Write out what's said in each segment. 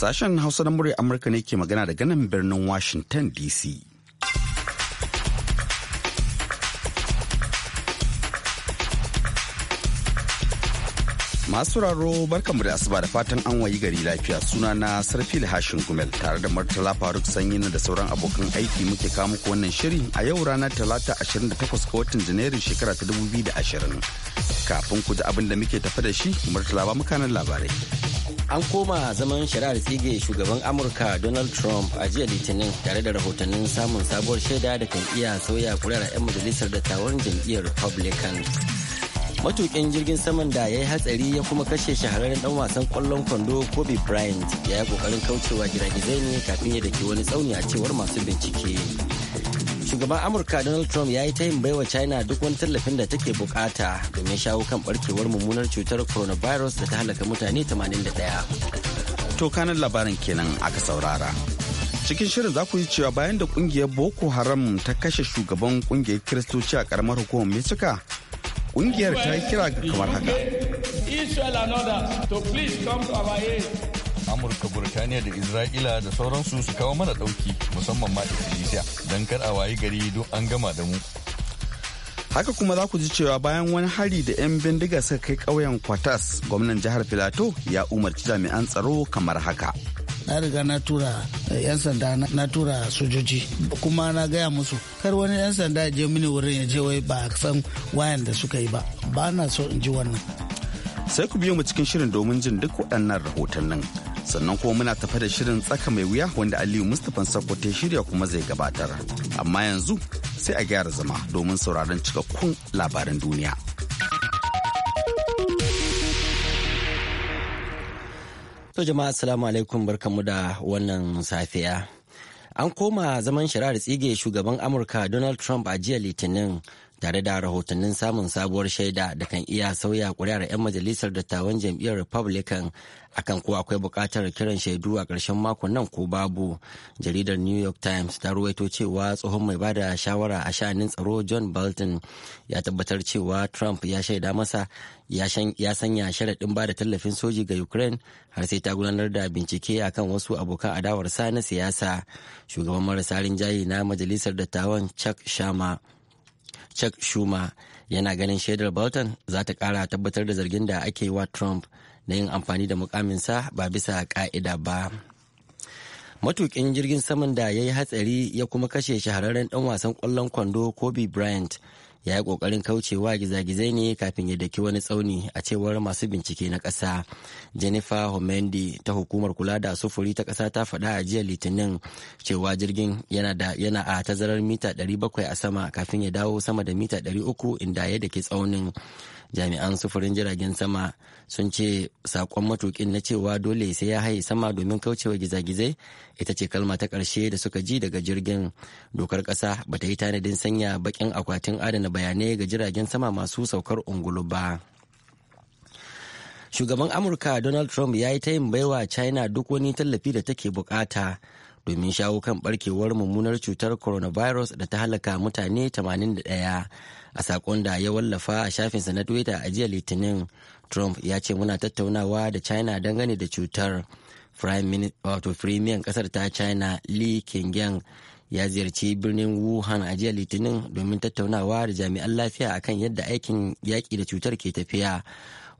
Sashen Hausa na murya Amurka ne ke magana da ganin birnin Washington DC. Masu raro barkanmu da asuba da fatan an wayi gari lafiya suna na sarfil hashin gumel tare da Murtala Faruk Sanyin da sauran abokan aiki muke kawo muku wannan shiri a yau ranar Talata 28 ga watan Janairun shekara ta 2020. Kafin ku da abin da muke tafi da shi, Murtala ba mukanan labarai. an koma zaman shari'ar tsige shugaban amurka donald trump a jiya litinin tare da rahotannin samun sabuwar shaida da kan iya sauya kuri'ar 'yan majalisar dattawan jam'iyyar republican matukin jirgin saman da ya yi hatsari ya kuma kashe shahararren dan wasan kwallon kwando kobe bryant ya yi kokarin kaucewa gizai ne kafin ya daki wani tsauni a cewar masu bincike shugaban amurka donald trump ya yi ta tayin baiwa china duk wani tallafin da take bukata domin shawo kan barkewar mummunar cutar coronavirus da ta halaka mutane 81 to kanan labarin kenan aka saurara cikin shirin za ku yi cewa bayan da kungiyar boko haram ta kashe shugaban kungiyar kiristoci a karamar hukumar mexico kungiyar ta yi kira kamar haka amurka burtaniya da isra'ila da sauransu su kawo mana dauki musamman ma indonesia don kar a wayi gari don an gama da mu haka kuma za ku ji cewa bayan wani hari da 'yan bindiga suka kai ƙauyen kwatas gwamnan jihar filato ya umarci jami'an tsaro kamar haka na riga na tura eh, 'yan sanda na tura sojoji kuma na gaya musu kar wani 'yan sanda ya je mini wurin ya je wai ba san wayan da suka yi ba ba na so in ji wannan sai ku biyo mu cikin shirin domin jin duk waɗannan rahotannin sannan kuma muna tafa da shirin tsaka mai wuya wanda aliyu mustapha sako ya shirya kuma zai gabatar amma yanzu sai a gyara zama domin sauraron cikakkun labaran duniya to jama'a assalamu alaikum barkamu da wannan safiya an koma zaman shari'ar tsige shugaban amurka donald trump a jiya litinin tare da rahotannin samun sabuwar shaida da kan iya sauya kuri'ar 'yan majalisar dattawan jam'iyyar republican akan ko akwai buƙatar kiran shaidu a ƙarshen makon nan ko babu jaridar new york times ta ruwaito cewa tsohon mai bada shawara a sha'anin tsaro john bolton ya tabbatar cewa trump ya shaida masa ya sanya sharaɗin bada tallafin soji ga ukraine har sai ta gudanar da bincike akan wasu abokan adawarsa na siyasa shugaban marasa rinjaye na majalisar dattawan chuck shama Chuck Schumer yana ganin shaidar Bolton za ta kara tabbatar da zargin da ake yi wa Trump na yin amfani da mukaminsa ba bisa ka'ida ba. Matukin jirgin saman da ya yi hatsari ya kuma kashe shahararren ɗan wasan kwallon kwando Kobe Bryant ya yi kokarin kaucewa gizagizai ne kafin ya daki wani tsauni a cewar masu bincike na ƙasa jennifer homendi ta hukumar kula da sufuri ta ƙasa ta faɗa a jiya litinin cewa jirgin yana a tazarar mita 700 a sama kafin ya dawo sama da mita 300 inda ya daki tsaunin jami'an sufurin jiragen sama sun ce sakon matukin na cewa dole sai ya haye sama domin kaucewa gizagizai ita ce kalma ta ƙarshe da suka ji daga jirgin dokar ƙasa ba ta yi tanadin sanya bakin akwatin adana bayanai ga jiragen sama masu saukar ungulu ba shugaban amurka donald trump ya yi ta yin baiwa china duk wani tallafi da take bukata domin shawo kan barkewar mummunar cutar coronavirus da ta halaka mutane 81 a sakon da ya wallafa a shafinsa na twitter a jiya litinin trump ya ce muna tattaunawa da china dangane da cutar firimiyan kasar ta china li kengyang ya ziyarci birnin wuhan a jiya litinin domin tattaunawa da jami'an lafiya akan yadda aikin yaƙi da cutar ke tafiya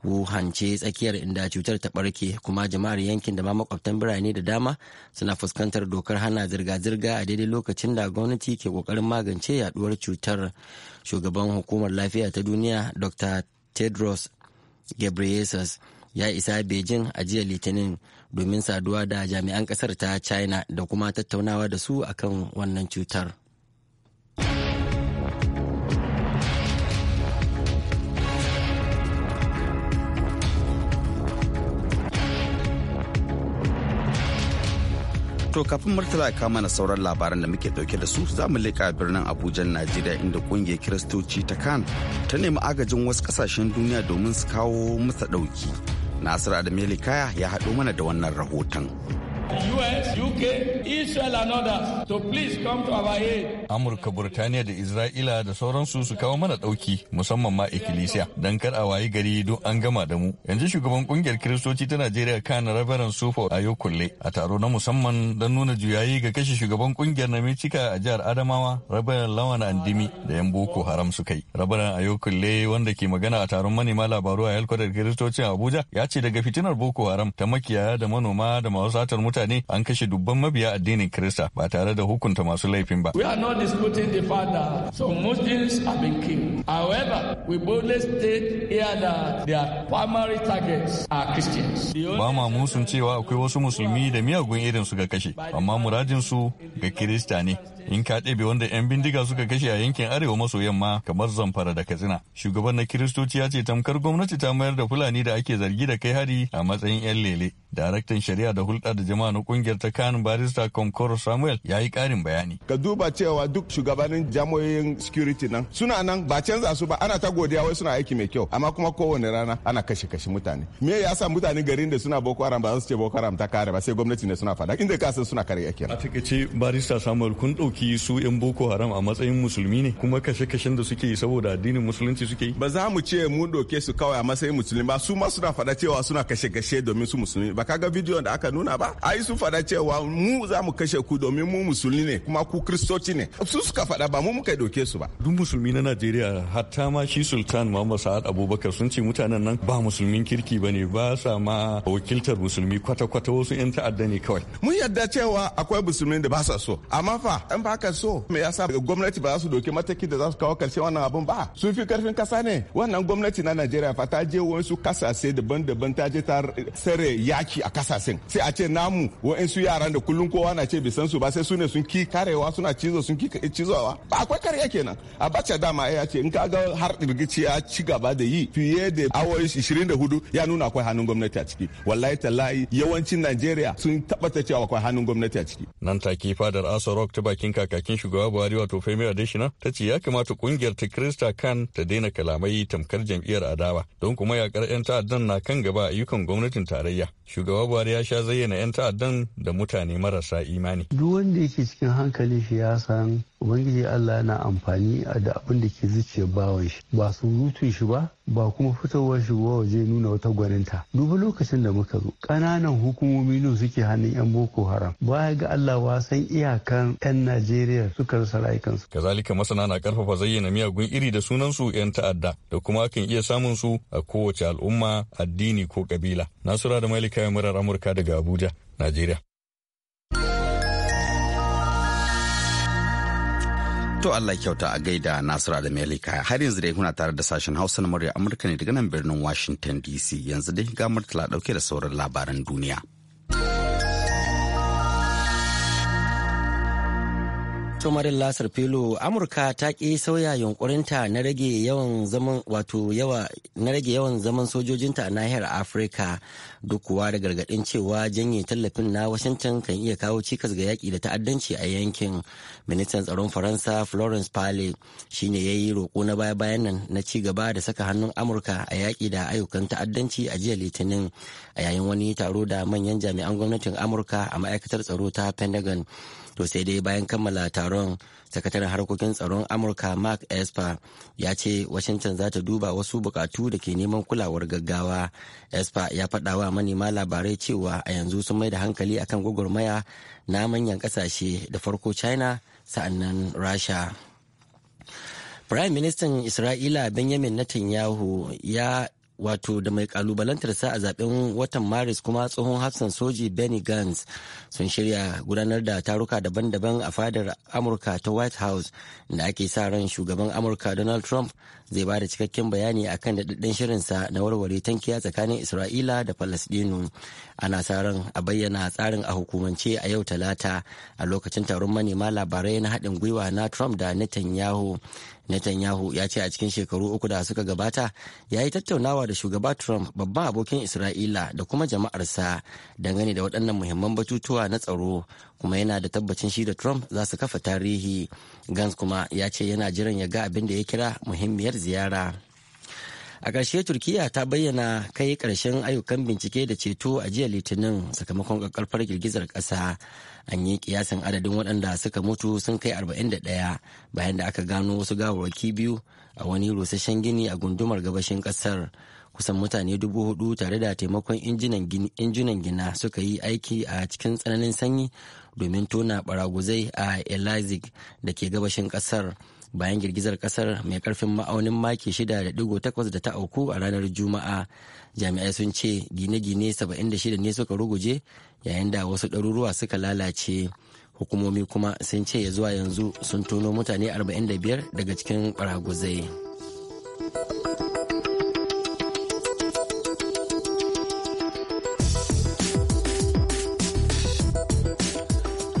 Wuhan ce tsakiyar inda cutar ta barke kuma jama'ar yankin da ma makwabtan birane da dama suna fuskantar dokar hana zirga-zirga a daidai lokacin da gwamnati ke kokarin magance yaduwar cutar shugaban hukumar lafiya ta duniya dr tedros ghebreyesus ya isa beijing a jiya litinin domin saduwa da jami'an kasar ta china da kuma tattaunawa da su akan wannan cutar. To kafin Murtala ya na sauran labaran da muke dauke da su za mu leƙa birnin Abuja Najeriya inda kungiyar Kiristoci ta kan ta nemi agajin wasu kasashen duniya domin su kawo masa ɗauki. Nasiru Adamu Kaya ya haɗo mana da wannan rahoton. Amurka, Burtaniya da Isra'ila da sauransu su kawo mana ɗauki musamman ma ikkilisiya don kar a wayi gari don an gama da mu. Yanzu shugaban kungiyar Kiristoci ta Najeriya kan Rabaran Sufo a kulle a taro na musamman don nuna juyayi ga kashe shugaban kungiyar na Mecika a jihar Adamawa Rabaran Lawan Andimi da yan Boko Haram su kai. Rabaran a kulle wanda ke magana a taron manema labaru a yalkwadar a Abuja ya ce daga fitinar Boko Haram ta makiyaya da manoma da masu satar mutane mutane an kashe dubban mabiya addinin Kirista ba tare da hukunta masu laifin ba. We are not disputing the fact that some Muslims have been killed. However, we boldly state here that their primary targets are Christians. Ba ma musun cewa akwai wasu musulmi da miyagun irin su ga kashe, amma muradinsu ga Kirista ne. In ka ɗebe wanda 'yan bindiga suka kashe a yankin arewa maso yamma kamar zamfara da katsina. Shugaban na Kiristoci ya ce tamkar gwamnati ta mayar da Fulani da ake zargi da kai hari a matsayin 'yan lele. Daraktan shari'a da hulɗa da jama'a Ciyama na kungiyar ta Kano barista Konkoro Samuel ya yi karin bayani. Ka duba cewa duk shugabannin jamoyin security nan suna nan ba canza su ba ana ta godiya wai suna aiki mai kyau amma kuma kowane rana ana kashe kashe mutane. Me ya sa mutane garin da suna Boko Haram ba za su ce Boko Haram ta kare ba sai gwamnati ne suna fada inda kasan suna kare yake. A takaice barista Samuel kun ɗauki su 'yan Boko Haram a matsayin musulmi ne kuma kashe-kashen da suke yi saboda addinin musulunci suke yi. Ba za mu ce mun doke su kawai a matsayin musulmi ba su ma suna faɗa cewa suna kashe-kashe domin su musulmi ba kaga bidiyon da aka nuna ba ai su fada cewa mu za mu kashe ku domin mu musulmi ne kuma ku kristoci ne su suka fada ba mu muka doke su ba duk musulmi na najeriya hatta ma shi sultan muhammad sa'ad abubakar sun ce mutanen nan ba musulmin kirki ba ne ba sa ma wakiltar musulmi kwata-kwata wasu 'yan ta'adda ne kawai mun yarda cewa akwai musulmi da ba sa so amma fa in ba ka so me yasa gwamnati ba za su doke mataki da za su kawo karshen wannan abin ba sun fi karfin kasa ne wannan gwamnati na najeriya fa ta je wasu kasashe daban-daban ta je ta sare yaki a kasashen sai a ce namu samu wa'ansu yaran da kullum kowa na ce bisan su ba sai su ne sun ki karewa suna cizo sun ki cizowa ba akwai karya kenan abacha dama ya ce in ka ga har dirgici ya ci gaba da yi fiye da awoyi 24 ya nuna akwai hannun gwamnati a ciki wallahi tallahi yawancin najeriya sun tabbata cewa akwai hannun gwamnati a ciki nan take fadar asa rock ta bakin kakakin shugaba buhari wato femi adeshina ta ce ya kamata kungiyar ta krista kan ta daina kalamai tamkar jam'iyyar adawa don kuma yakar 'yan ta'addan na kan gaba ayyukan gwamnatin tarayya shugaba buhari ya sha zayyana 'yan ta'addan ta'addan da mutane marasa imani. Duk wanda yake cikin hankali shi ya san ubangiji allah yana amfani da abin da ke zuciyar bawan shi ba surutun shi ba ba kuma fitowar shi ba waje nuna wata gwaninta duba lokacin da muka zo ƙananan hukumomi ne suke hannun yan boko haram baya ga allah wasan iyakan yan najeriya suka rasa rayukansu kazalika masana na karfafa zayyana miyagun iri da sunansu yan ta'adda da kuma kan iya samun su a kowace al'umma addini ko kabila nasura da malika murar amurka daga abuja najeriya To Allah kyauta a gaida Nasura da Melika har yanzu dai kuna tare da sashen Hausa na murya Amurka ne daga nan birnin Washington DC yanzu dai ga murtala dauke da sauran labaran duniya. Tumarin Lasar Filo, Amurka ta ƙi sauya yunkurinta na rage yawan zaman wato yawa na rage yawan zaman sojojinta a nahiyar Afirka duk kuwa da gargaɗin cewa janye tallafin na Washington kan iya kawo cikas ga yaƙi da ta'addanci a yankin. Ministan tsaron Faransa Florence Pale shine ya yi roƙo na baya bayan nan na ci gaba da saka hannun Amurka a yaƙi da ayyukan ta'addanci a jiya Litinin a yayin wani taro da manyan jami'an gwamnatin Amurka a ma'aikatar tsaro ta Pentagon. To sai dai bayan kammala taro. tsaron sakataren harkokin tsaron amurka mark esper ya ce washington za ta duba wasu bukatu da ke neman kulawar gaggawa esper ya faɗa wa manema labarai cewa a yanzu sun mai da hankali akan gwagwarmaya na manyan ƙasashe da farko china sa'annan rasha Prime Ministan Isra'ila Benjamin Netanyahu ya wato da mai kalubalantarsa a zaben watan maris kuma tsohon hafsan soji benny gantz sun shirya gudanar da taruka daban-daban a fadar amurka ta white house da ake sa ran shugaban amurka donald trump zai ba da cikakken bayani a akan daɗaɗɗen shirinsa na warware tankiya tsakanin isra'ila da falasɗinu ana sa ran a bayyana tsarin a hukumance a yau talata a lokacin taron manema labarai na haɗin gwiwa na trump da netanyahu netanyahu ya ce a cikin shekaru uku da suka gabata ya yi tattaunawa da shugaba trump babban abokin isra'ila da kuma jama'arsa dangane da waɗannan muhimman batutuwa na tsaro kuma yana da tabbacin shi da trump za su kafa tarihi gans kuma ya ce yana jiran ya ga abin da ya kira muhimmiyar ziyara a ƙarshe turkiya ta bayyana kai ƙarshen ayyukan bincike da ceto a jiya litinin sakamakon ƙaƙƙarfar girgizar ƙasa an yi ƙiyasin adadin waɗanda suka mutu sun kai 41 bayan da aka gano wasu gawarwaki biyu a wani rusasshen gini a gundumar gabashin ƙasar kusan mutane dubu hudu tare da taimakon injunan gina suka yi aiki a cikin tsananin sanyi domin tona baraguzai a elizik da ke gabashin ƙasar bayan girgizar kasar mai karfin ma'aunin maki 6.8 da ta auku a ranar juma'a jami'ai sun ce gine-gine 76 ne suka ruguje yayin da wasu ɗaruruwa suka lalace hukumomi kuma sun ce ya zuwa yanzu sun tono mutane 45 daga cikin baraguzai.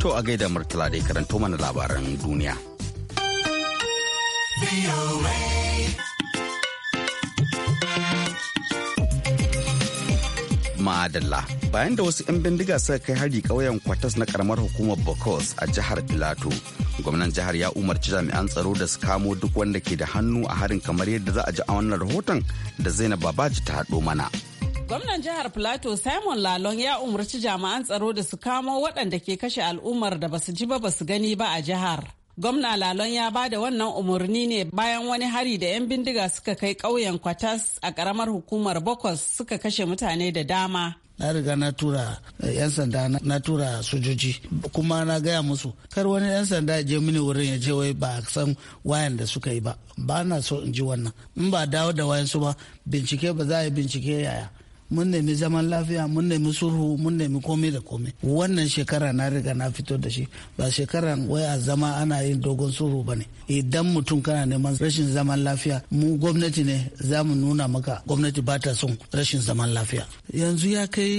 To a gaida Murtala da karanto mana labaran duniya. Madalla. Bayan da wasu 'yan bindiga suka kai hari ƙauyen Kwatas na karamar hukumar Bokos a jihar Filato, gwamnan jihar ya umarci jami'an tsaro da su kamo duk wanda ke da hannu a harin kamar yadda za a ji a wannan rahoton da Zainab Babaji ta haɗo mana. Gwamnan jihar Filato Simon Lalon ya umarci jami'an tsaro da su kamo waɗanda ke kashe al'ummar da ba su ji ba su gani ba a jihar. Gwamna Lalon ya ba da wannan umarni ne bayan wani hari da 'yan bindiga suka kai ƙauyen Kwatas a ƙaramar hukumar Bokos suka kashe mutane da dama. na riga na tura eh, yan sanda na tura sojoji kuma na gaya musu kar wani yan sanda ya je mini wurin ya je wai ba a san wayan da suka yi ba ba na so in ji wannan in ba dawo da wayan su ba bincike ba za a yi bincike yaya mun nemi zaman lafiya mun nemi sulhu mun nemi komai da komai wannan shekara na riga na fito da shi ba shekaran wai a zama ana yin dogon sulhu ba ne idan mutum kana neman rashin zaman lafiya mu gwamnati ne za mu nuna maka gwamnati ba ta son rashin zaman lafiya yanzu ya kai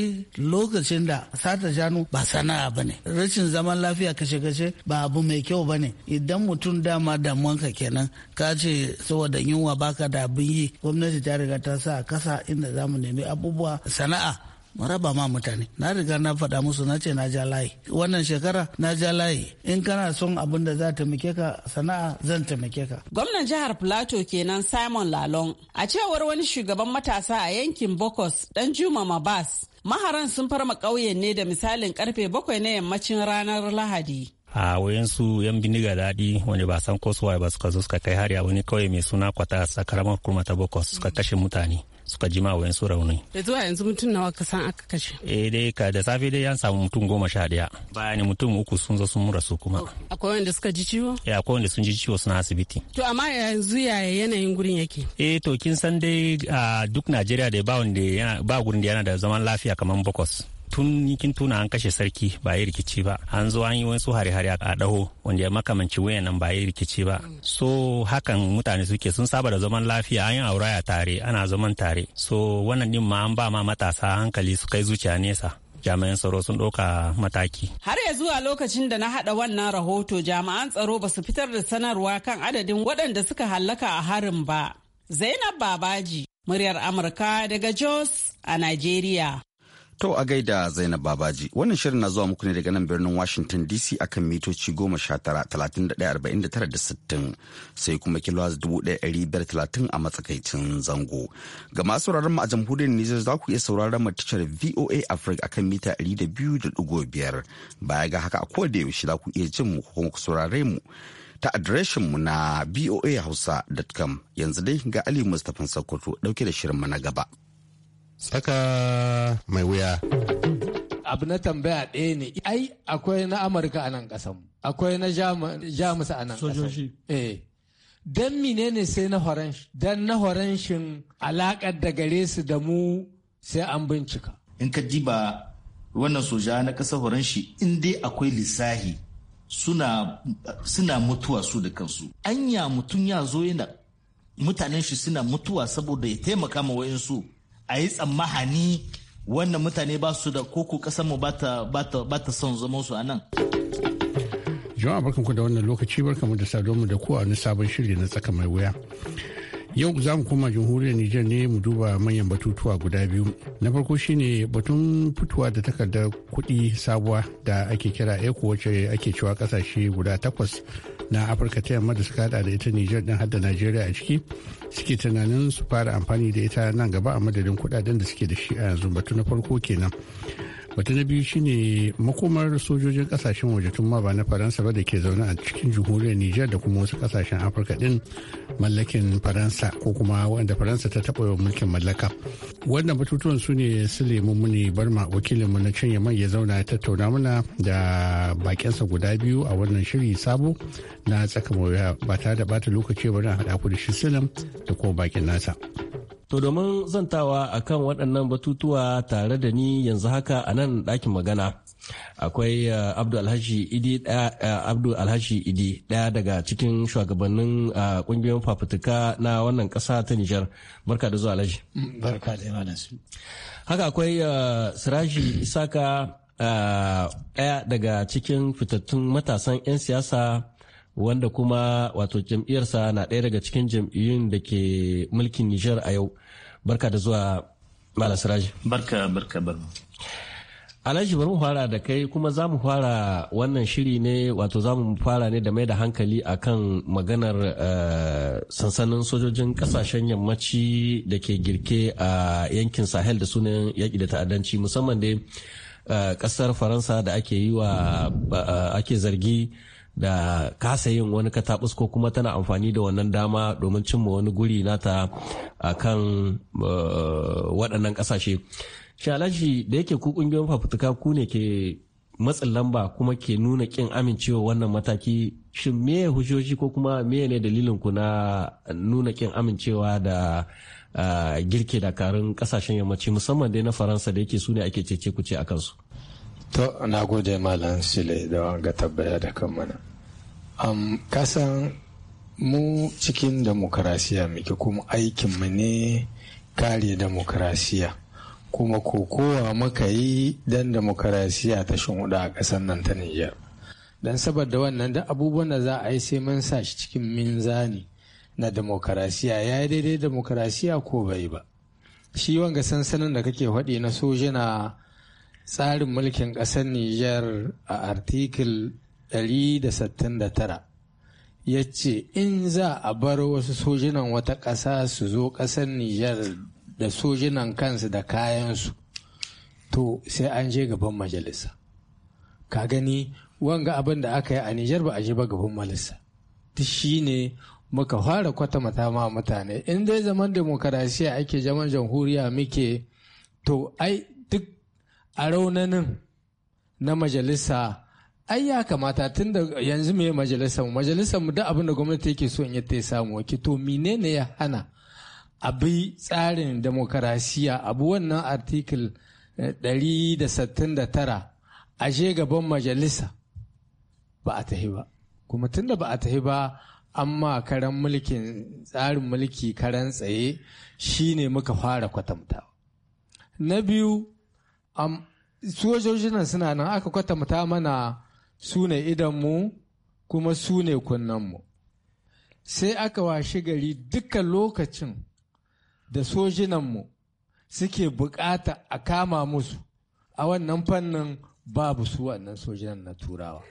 lokacin da sata shanu ba sana'a ba ne rashin zaman lafiya kashe-kashe ba abu mai kyau ba ne idan mutum dama damuwanka kenan ka ce saboda yunwa baka da abin yi gwamnati ta riga ta sa kasa inda za mu nemi abubuwa abubuwa sana'a maraba ma mutane na riga na faɗa musu na ce na ja layi wannan shekara na ja layi in kana son abin da za ta taimake ka sana'a zan taimake ka gwamnan jihar plateau kenan simon lalon a cewar wani shugaban matasa a yankin bokos dan juma mabas maharan sun farma ƙauyen ne da misalin karfe bakwai na yammacin ranar lahadi a wayansu yan ga daɗi wani ba san ko ba suka zo suka kai hari a wani kawai mai suna kwata a karamar kurma ta bokos suka kashe mutane suka ji ma wayan rauni. Da zuwa yanzu mutum nawa ka san aka kashe? Eh dai ka da safe dai an samu mutum goma sha daya. Bayan mutum uku sun zo sun rasu kuma. Akwai wanda suka ji ciwo? ya eh, akwai wanda sun ji ciwo suna asibiti. To amma yanzu yaya yanayin gurin yake? Eh to kin san dai duk Najeriya da ba wanda ba gurin da yana da zaman lafiya kamar Bokos. tun kin tuna an kashe sarki ba ya rikici ba an zo an yi wasu hare-hare a daho wanda ya makamanci wayan nan ba yi rikici ba so hakan mutane suke sun saba da zaman lafiya an yi auraya tare ana zaman tare so wannan din ma an ba ma matasa hankali su kai zuciya nesa jami'an tsaro sun ɗauka mataki. Har ya zuwa lokacin da na haɗa wannan rahoto jami'an tsaro ba su fitar da sanarwa kan adadin waɗanda suka hallaka a harin ba. Zainab Babaji, muryar Amurka daga Jos a Najeriya. To a gaida Zainab Babaji, wannan shirin na zuwa muku ne daga nan birnin Washington DC akan mitoci goma sha tara talatin sai kuma kilowatt dubu a matsakaicin zango. Ga masu sauraron mu a jamhuriyar Nijar za ku iya sauraron mu tashar VOA Africa akan mita ɗari da Baya ga haka a koda yaushe za ku iya jin mu ko kuma ku saurare mu. ta adireshinmu na voahausa.com yanzu dai ga Ali Mustapha Sokoto dauke da shirin mu na gaba. tsaka mai wuya. abu na tambaya ɗaya ne ai akwai na amurka a nan ƙasan akwai na jamus a nan sojoji eh don ne sai na horanshi don na horanshin alaƙar da gare su da mu sai an bincika in ka diba wannan soja na ƙasar horanshi in dai akwai lissahi suna mutuwa su da kansu anya mutum ya zo yana mutanen shi suna mutuwa saboda ya taimaka ma wayansu a yi tsammahani wannan mutane ba su da koko kasan mu ba ta son zama su a nan. Jama'a barkanku da wannan lokaci barkanmu da saduwa da ku a sabon shirya na tsaka mai wuya. yau za mu koma jamhuriyar nijar ne mu duba manyan batutuwa guda biyu na farko shine batun fitowa da takardar kuɗi sabuwa da ake kira eco wacce ake cewa kasashe guda takwas na afirka ta yamma da suka hada da ita nijar din har da najeriya a ciki suke tunanin su fara amfani da ita nan gaba a madadin kudaden da suke da shi a yanzu batu na farko kenan wata na biyu shine makomar sojojin kasashen waje tun ma ba na faransa ba da ke zaune a cikin jamhuriyar niger da kuma wasu kasashen afirka din mallakin faransa ko kuma wanda faransa ta taɓa yawan mulkin mallaka wannan batutuwan su ne su lemu muni barma wakilinmu na can yaman ya zauna ya tattauna mana da bakinsa guda biyu a wannan shiri sabo na tsaka mawuya ba tare da bata lokaci bari a haɗa ku da shi silam da kuma bakin nasa. To domin zantawa kan waɗannan batutuwa tare da ni yanzu haka a nan ɗakin magana. Akwai eh, Abdu Alhaji Idi eh, Idi ɗaya daga cikin shugabannin eh, ƙungiyoyin fafutuka na wannan ƙasa ta Nijar. Barka da zuwa Alhaji. Mm, barka da yawa Haka akwai Siraji Isaka ɗaya daga cikin fitattun matasan 'yan siyasa wanda kuma wato jam'iyyarsa na ɗaya daga cikin jam'iyyun da ke mulkin Nijar a yau. barka da zuwa Malam Siraji. Barka barka barka. Alhaji bari mu fara da kai kuma za mu fara wannan shiri ne wato za mu fara ne da mai da hankali a kan maganar eh, sansanin sojojin kasashen yammaci da ke girke a yankin Sahel da sunan yaƙi da ta'addanci musamman dai kasar eh, Faransa da ake yi wa eh, ake zargi da kasa yin wani katabus ko kuma tana amfani da wannan dama domin cimma wani guri nata a kan uh, waɗannan ƙasashe shalashi da yake ku ƙungiyar fafutuka ku ne ke matsin lamba kuma ke nuna ƙin amincewa wannan mataki shin meye hujjoji ko kuma meye ne dalilin ku na nuna ƙin amincewa da uh, girke dakarun ƙasashen yammaci musamman dai na faransa da yake su ne ake cece ce a kansu to na gode malam sile da ga tabbaya da kan mana um, kasan mu cikin demokarasiya muke kuma mu ne kare demokarasiya kuma kokowa muka yi don demokarasiya ta shinhuda a ƙasar nan ta Nijar. Don saboda wannan da abubuwan da za a yi sai mun sa shi cikin minzani na demokarasiya ya yi daidai demokarasiya ko bai ba. Shi wanga sansanin da kake faɗi na soja na tsarin mulkin ƙasar Nijar a artikul 169 ya ce in za a bar wasu sojinan wata ƙasa su zo ƙasar Nijar da sojinan kansu da kayansu to sai an je gaban majalisa. Ka gani wanga abin da aka yi a Nijar ba a je ba gaban majalisa. Duk shi ne muka fara kwatamata ma mutane in dai zaman demokarasiya ake zaman jamhuriya muke to ai a raunanin na majalisa ai ya kamata tun da yanzu mai majalisa majalisa mu da abin da gwamnati yake so in ya samu wake to menene ya hana abi tsarin demokarasiya abu wannan article 169 eh, aje gaban majalisa ba a tahi ba kuma tun da ba a tahi ba amma karan mulkin tsarin mulki karan tsaye shine muka fara kwatamta na biyu sojojin nan suna nan aka kwatanta mana su ne idanmu kuma su ne kunnenmu sai aka washe gari duka lokacin da sojinanmu suke bukata a kama musu a wannan fannin babu su wannan sojinan na turawa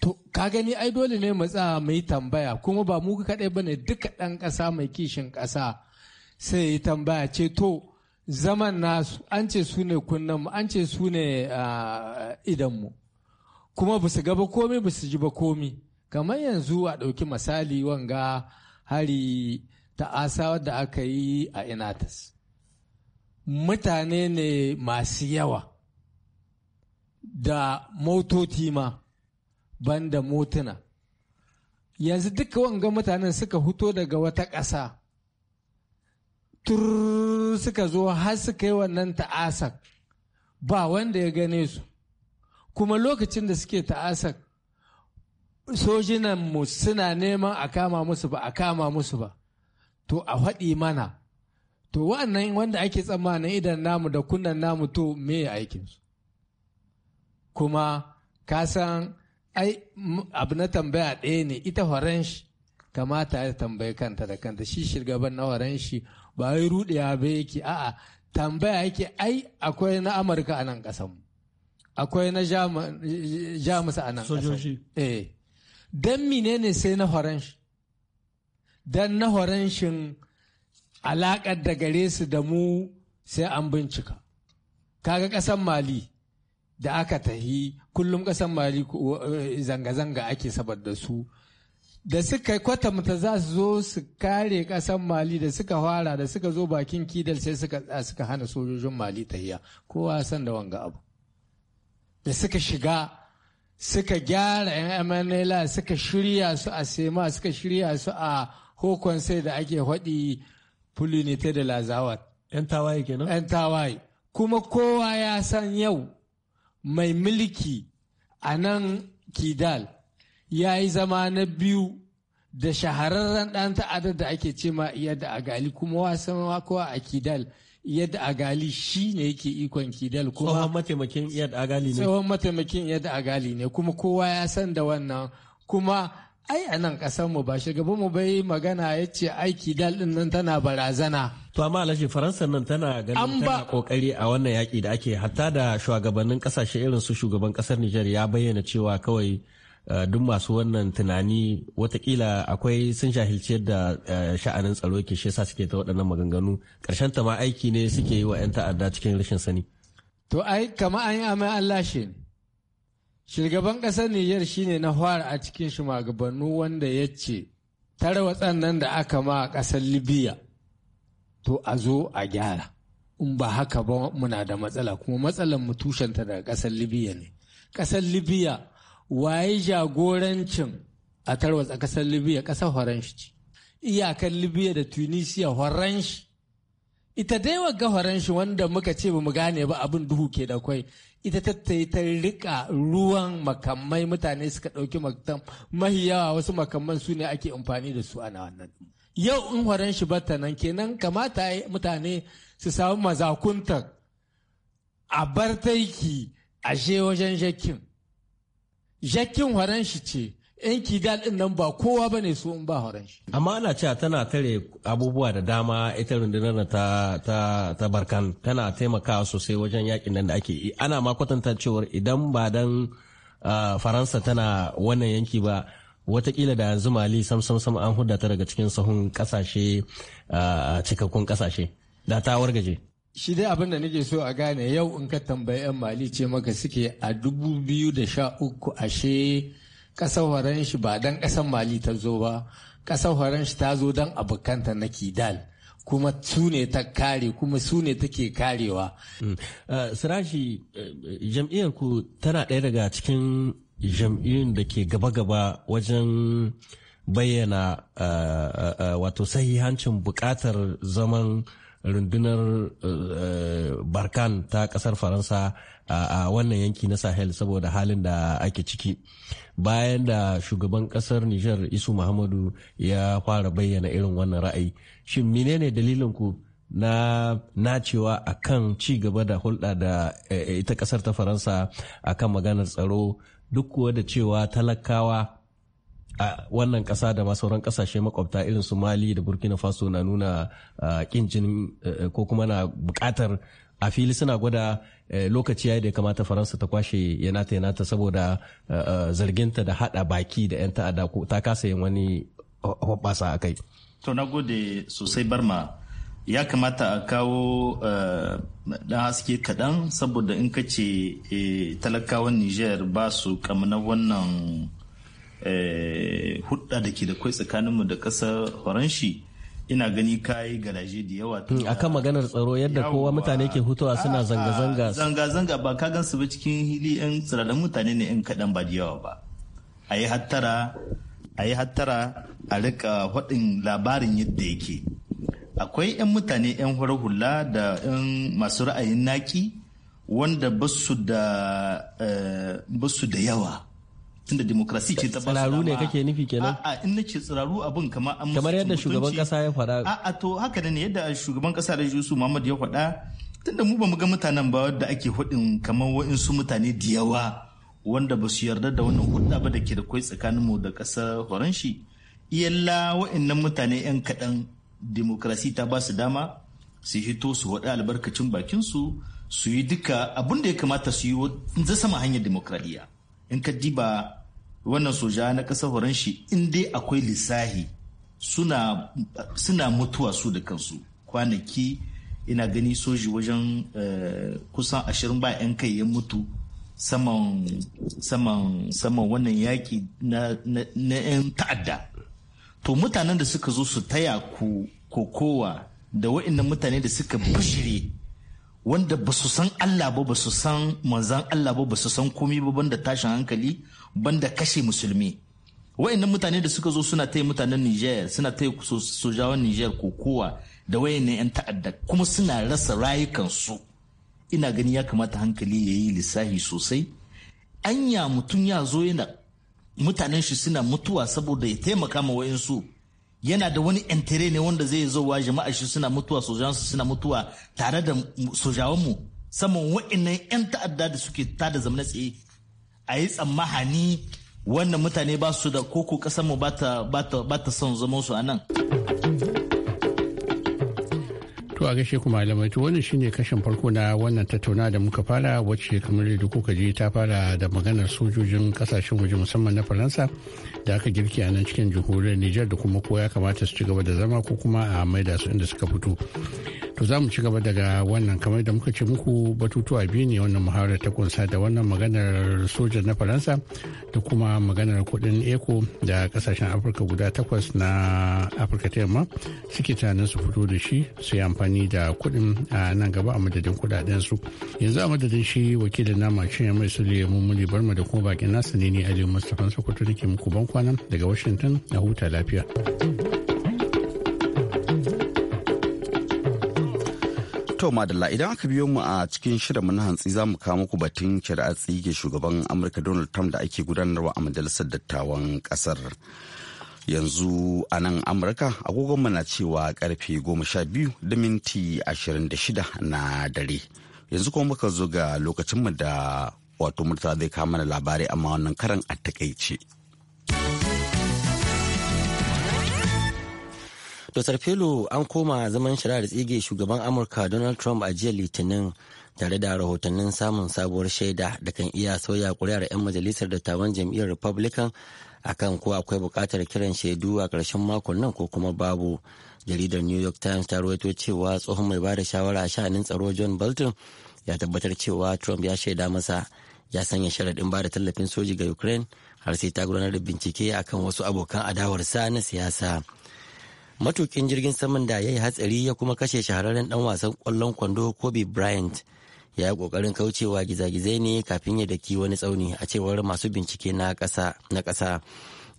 to ka gani ai dole ne matsa mai tambaya kuma ba mu kaɗai ba ne duka ɗan ƙasa mai kishin ƙasa sai ya tambaya ce to zaman nasu an ce su ne kunnanmu an ce su ne idanmu kuma ba su gaba komi ba su ji ba komi kamar yanzu a ɗauki misali wanga hari ta asa da aka yi a inatas mutane ne masu yawa da motoci ma banda motuna yanzu duka wanga mutanen suka fito daga wata ƙasa suka zo har suka yi wannan ta'asak ba wanda ya gane su kuma lokacin da suke ta'asak sojinanmu suna neman a kama musu ba a kama musu ba to a haɗi mana to wa'annan wanda ake tsammanin idan namu da kunnan namu to me aikinsu kuma ka san ai abu na tambaya ɗaya ne ita horon kamata ya tambayi kanta da kanta shi shirgaban na horon shi ba rude ya ba yake a'a tambaya yake ai akwai na amurka a nan kasanmu akwai na jamus a nan sojoji eh don menene sai na horon shi don na horon shin alaƙar da gare su da mu sai an bincika kaga ƙasan mali da aka tahi kullum ƙasan mali eh, zanga-zanga ake saboda su da suka mata za su zo su kare kasan mali da suka fara da suka zo bakin kidal sai suka suka hana sojojin mali tahiya kowa san da wanga abu da suka shiga suka gyara yan mnla suka shirya su a sema suka shirya su a hokon sai da ake haɗi fulinite da lazawat yan tawaye kenan yan tawaye kuma kowa ya san yau mai mulki a nan kidal ya yi zama na biyu da shahararren ɗan ta'adar da ake ce ma iyadda agali kuma wasan makowa a kidal iyadda agali shi ne yake ikon kidal kuma tsohon mataimakin agali ne kuma kowa ya san da wannan kuma ai a nan ƙasar mu ba shugaban mu bai magana ya ce ai kidal din nan tana barazana to amma alashi faransa nan tana ganin tana kokari a wannan yaki da ake hatta da shugabannin ƙasashe irin su shugaban kasar Nijar ya bayyana cewa kawai Eh, duk masu wannan tunani watakila akwai sun shahilce da eh, sha'anin tsaro ke shi yasa suke ta waɗannan maganganu ƙarshen ta ma aiki ne suke yi wa 'yan ta'adda cikin rashin sani. To ai kama an yi amai an lashe. Shugaban ƙasar Nijar shine na fara a cikin shugabannu wanda ya ce tarwatsan nan da aka ma a ƙasar Libya to a zo a gyara. In ba haka ba muna da matsala kuma matsalar mu tushenta daga ƙasar Libya ne. Ƙasar Libya waye jagorancin a tarwatsa ƙasar libya ƙasar ce iyakar libya da tunisia horanshi ita dai wagga horanshi wanda muka ce ba mu gane ba abin duhu ke da kwai ita tattai ta rika ruwan makamai mutane suka ɗauki makam mahi yawa wasu makamman su ne ake amfani da su ana wannan yau in horanshi bata nan kenan kamata mutane su samu mazakuntar a bar taiki ashe wajen jakin. jakin horon shi ce yan kidal din nan ba kowa ba ne su in ba horon shi. Amma ana cewa tana tare abubuwa da dama ita rundunar ta, ta, ta barkan tana taimakawa sosai wajen yakin nan da ake ana ma kwatanta cewar idan ba dan ah, Faransa tana wannan yanki ba watakila da yanzu mali sam sam sam an hudata daga cikin sahun kasashe ah, cikakkun kasashe da ta wargaje. shi dai abin da nake so a gane yau in ka tambayi 'yan mali ce maka suke a dubu da sha uku ashe kasar horon shi ba dan kasar mali ta zo ba ƙasar horon shi ta zo dan abokanta na kidal kuma su ne ta kare kuma su ne take karewa. Mm. Uh, sirashi uh, jam'iyyar ku tana ɗaya daga cikin jam'iyyun da ke gaba-gaba wajen bayyana uh, wato sahihancin bukatar zaman rundunar eh, barkan ta kasar faransa a wannan yanki na sahel saboda halin da ake ciki bayan da shugaban kasar niger isu muhammadu ya fara bayyana irin wannan ra'ayi shin menene dalilin ku na nacewa a kan gaba da hulɗa da eh, ita kasar ta faransa a kan maganar tsaro duk kuwa da cewa talakawa a wannan ƙasa da ma sauran ƙasashe makwabta irin su mali da burkina faso na nuna kin jinin e, e, ko kuma na bukatar a fili suna gwada e, lokaci ya da ya kamata faransa ta kwashe yanata yanata saboda zarginta da haɗa baki da 'yan ta'adda ko ta kasa yin wani hoɓasa a kai to na gode sosai barma ya kamata a kawo ɗan haske kaɗan saboda in ka ce talakawan niger ba su kamna wannan Eh, hudda da ke da kwai tsakaninmu da kasar faranshi ina gani kayi garaje da yawa hmm, a kan maganar tsaro yadda kowa mutane ke hutuwa suna ah, zanga-zanga zanga-zanga ba ka gan su ba cikin hili yan tsirarin mutane ne in kaɗan ba da yawa ba a yi hattara a yi hattara a rika faɗin labarin yadda yake akwai 'yan mutane 'yan hular hula da 'yan masu ra'ayin naki wanda ba su da eh, yawa tunda demokrasi ce ta ba tsiraru ne kake nufi kenan a'a in nace tsiraru abun kamar an kamar yadda shugaban kasa ya faɗa a'a to haka ne yadda shugaban kasa da Yusuf Muhammad ya faɗa tunda mu ba mu ga mutanen ba wadda ake hudin kamar wa'insu mutane da yawa wanda ba su yarda da wannan hudda ba da ke da kwai tsakanin mu da kasar Faranshi iyalla wa'annan mutane yan kaɗan demokrasi ta ba su dama su hito su waɗa albarkacin bakinsu su yi duka abin da ya kamata su yi ta sama hanyar demokradiyya in ka diba wannan soja na ƙasar faranshi in dai akwai lissahi suna, mutuwa su da kansu kwanaki ina gani soji wajen eh, kusan ashirin ba 'yan kai ya mutu saman wannan yaƙi na, 'yan ta'adda to mutanen da suka zo su taya ku kokowa da wa'annan mutane da suka bushire wanda ba su san Allah ba ba su san manzan Allah ba ba su san komi ba banda tashin hankali banda kashe musulmi wayannan mutane da suka zo suna taya mutanen Niger suna taya sojawan Niger kokowa da wayannan yan ta'adda kuma suna rasa rayukansu ina gani ya kamata hankali ya yi lissahi sosai anya mutum ya zo yana mutanen shi suna mutuwa saboda ya taimaka ma wayansu yana da wani entere ne wanda zai zo wa jama'a shi suna mutuwa sojansu suna mutuwa tare da sojawanmu saman wa'annan 'yan ta'adda da suke tada zamana tsaye a yi tsammahani wannan mutane ba su da koko kasar mu ba ta son zaman su a nan. To a gaishe kuma malamai to wannan shine kashin farko na wannan tattauna da muka fara wacce kamar da kuka ji ta fara da maganar sojojin kasashen waje musamman na Faransa da aka girki a nan cikin jamhuriyar Nijar da kuma ko ya kamata su ci gaba da zama ko kuma a maida su inda suka fito. To za mu ci gaba daga wannan kamar da muka ce muku batutuwa biyu ne wannan muhawarar ta kunsa da wannan maganar sojan na Faransa da kuma maganar kuɗin eko da kasashen Afirka guda takwas na Afirka ta yamma suke tunanin su fito da shi su yi amfani amfani da kuɗin a nan gaba a madadin kuɗaɗen su yanzu a madadin shi wakilin nama ya mai sule mummuli barma da kuma bakin nasa ne ne aliyu mustapha sokoto nake muku ban kwana daga washington a huta lafiya to madalla idan aka biyo mu a cikin shirin na hantsi za mu kawo muku batun shari'a tsige shugaban amurka donald trump da ake gudanarwa a majalisar dattawan kasar yanzu a nan amurka agogonmu na cewa karfe biyu da minti shida na dare yanzu kuma muka zo ga lokacinmu da wato murta zai kama da labarai amma wannan karan a takaice Dr. Felo an koma zaman shari'ar tsige shugaban Amurka Donald Trump a jiya Litinin tare da rahotannin samun sabuwar shaida da kan iya sauya kuri'ar 'yan majalisar dattawan jam'iyyar Republican akan ko akwai buƙatar kiran shaidu a ƙarshen makon nan ko kuma babu jaridar new york times ta rawaito cewa tsohon mai bada shawara a sha'anin tsaro john bolton ya tabbatar cewa trump ya shaida masa ya sanya sharaɗin bada tallafin soji ga ukraine har sai ta gudanar da bincike akan wasu abokan adawarsa na siyasa matukin jirgin saman da ya yi hatsari ya kuma kashe shahararren dan wasan kwallon kwando kobe bryant ya yi kokarin kaucewa gizagizai ne kafin ya daki wani tsauni a cewar masu bincike na ƙasa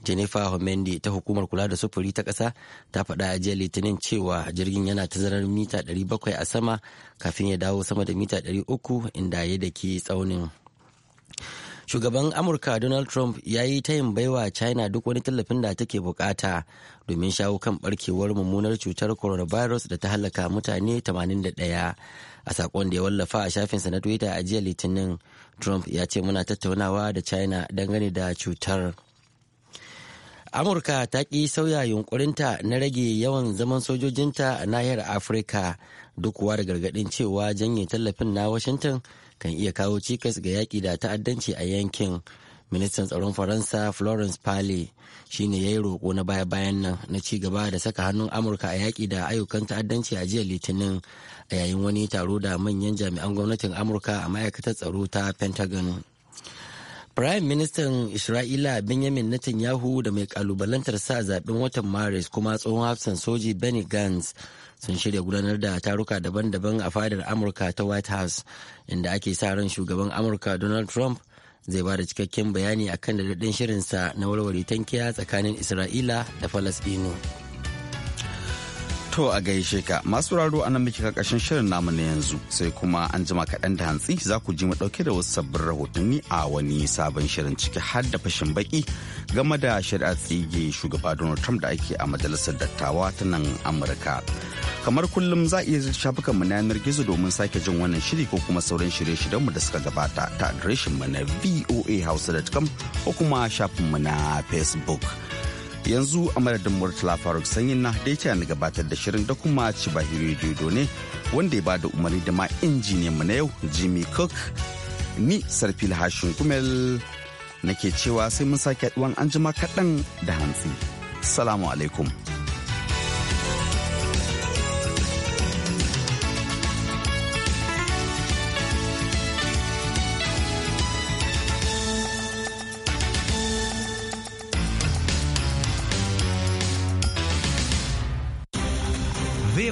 jennifer homendi ta hukumar kula da sufuri ta ƙasa ta faɗa a jiya litinin cewa jirgin yana tazarar mita 700 a sama kafin ya dawo sama da mita 300 inda ya daki tsaunin shugaban amurka donald trump ya yi tayin baiwa china duk wani tallafin da take bukata domin shawo kan barkewar mummunar cutar coronavirus da ta halaka mutane 81 a sakon da ya wallafa a shafinsa na twitter a jiya litinin trump ya ce muna tattaunawa da china dangane da cutar amurka ta ƙi sauya yunkurinta na rage yawan zaman sojojinta a nahiyar afirka duk da gargaɗin cewa janye tallafin na washington kan iya kawo cikas ga yaƙi da ta'addanci a yankin ministan tsaron faransa florence pale shine ya yi roƙo na baya-bayan nan na ci gaba da saka hannun amurka a yaƙi da ayyukan ta'addanci a jiya litinin a yayin wani taro da manyan jami'an gwamnatin amurka a ma'aikatar tsaro ta pentagon Prime Ministan Isra'ila Benjamin Netanyahu da mai kalubalantar sa zaben watan Maris kuma tsohon hafsan soji Benny Gantz sun shirya gudanar da taruka daban-daban a fadar amurka ta white house inda ake sa ran shugaban amurka donald trump zai ba da cikakken bayani akan da shirinsa na warware tankiya tsakanin isra'ila da falasɗinu. To a gaishe ka masu raro a nan muke kakashin shirin namu na yanzu sai kuma an jima kaɗan da hantsi za ku ji mu ɗauke da wasu sabbin rahotanni a wani sabon shirin ciki har da fashin baki game da shari'a tsige shugaba Donald Trump da ake a majalisar dattawa ta nan Amurka. Kamar kullum za a iya shafukan mu na yanar gizo domin sake jin wannan shiri ko kuma sauran shirye-shiryen mu da suka gabata ta adireshin mu na voahausa.com ko kuma shafin mu na Facebook. yanzu a madadin murtala faruk sanyin na da yake na gabatar da shirin da kuma ci cibahiri dodo ne wanda ya bada umarni da ma injiniyan mu na yau jimmy cook ni sarfil hashin kumel nake cewa sai mun sake haɗuwan anjima kaɗan da hantsi salamu alaikum